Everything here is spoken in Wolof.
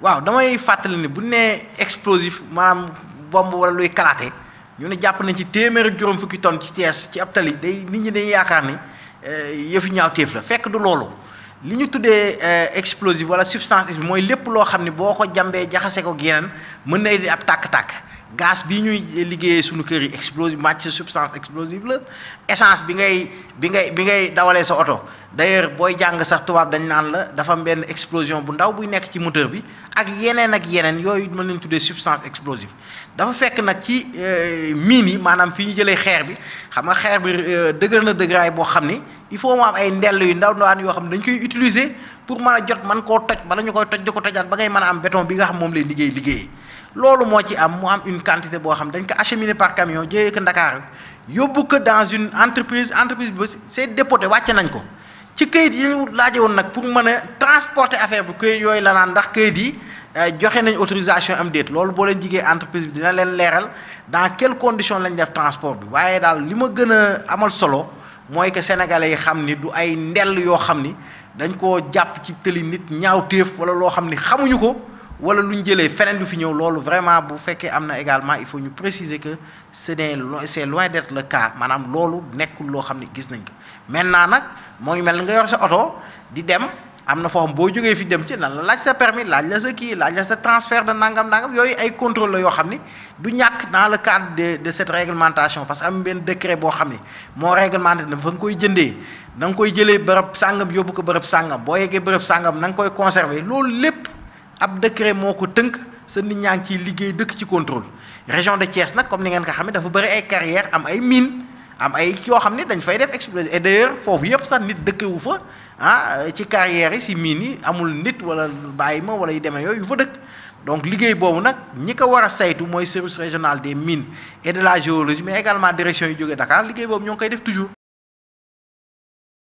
waaw damay fàttali ne bu nee explosif maam bomb wala luy kalaate ñoo ne jàpp nañ ci téeméer juróom fukki tonnes ci Thiès ci ab tali day nit ñi dañuy yaakaar ni euh, yëfi ñaaw téef la fekk du loolu li ñu tuddee euh, explosif wala substance mooy lépp loo xam ni boo ko jambee jaxase ko yeneen mën na indi ab tàkk-tàkk gaz bi ñuy liggéeye suñu kër yi explosive matière substance explosive la essence bi ngay bi ngay bi ngay dawalee sa oto d'ailleurs booy jàng sax tubaab dañu naan la dafa am benn explosion bu ndaw buy nekk ci moteur bi ak yeneen ak yeneen yooyu mën nañ tuddee substance explosive dafa fekk nag ci euh, mine yi maanaam fi ñu jëlee xeer bi xam nga xeer bi euh, dëgër na dëgëraay boo xam ni il faut mu am ay ndell yu ndaw ndawaan yoo xam ne dañ koy utiliser pour man a jot mën koo toj bala ñu koy toj ko tojaat ba ngay mën a am béton bi nga xam moom lay liggéey liggéeyee loolu moo ci am mu am une quantité boo xam dañ ko acheminer par camion jëyee ko Ndakaaru yóbbu ko dans une entreprise entreprise bi c'est dépoté wàcce nañ ko ci kayit yi ñu laaje woon nag pour mën a transporter affaire bi këyit yooyu la naan ndax kayit yi euh, joxe nañ autorisation am déet loolu boo leen jigee entreprise bi dina leen leeral dans quelles condition lañ def transport bi waaye daal li ma gën a amal solo mooy que sénégalais yi xam ni du ay ndell yoo xam ni dañ koo jàpp ci tëli ñaaw téef wala loo xam ni xamuñu ko wala lu ñu jëlee feneen du fi ñëw loolu vraiment bu fekkee am na également il faut ñu préciser que ce n'est c'est loin d'être le cas maanaam loolu nekkul loo xam ne gis nañ ko maintenant nag moo ngi mel ni nga yor sa oto di dem am na foo xam boo jógee fi dem ci nan la laaj sa permis laaj la sa kii la sa transfert de nangam nangam yooyu ay contrôle la yoo xam ni du ñàkk dans le cadre de de cette réglementation parce que am benn décret boo xam ni moo réglementé na fa nga koy jëndee na nga koy jëlee bërëb sàngam yóbbu ko bërëb sàngam boo yeggee bërëb sàngam na nga koy conserver loolu lépp. ab décret moo ko tënk sa nit ñaa ngi ciy liggéey dëkk ci contrôle région de Thiès nag comme ni ngeen ko xamee dafa bëri ay carrière am ay mine am ay yoo xam ne dañ fay def explosion et d'ailleurs foofu yëpp sax nit dëkkewu fa ah ci carrière yi si mine yi amul nit wala bàyyi ma wala yu demee yooyu yu fa dëkk donc liggéey boobu nag ñi ko war a saytu mooy service régional des mines et de la géologie mais également direction yu jógee Dakar liggéey boobu ñoo ngi koy def toujours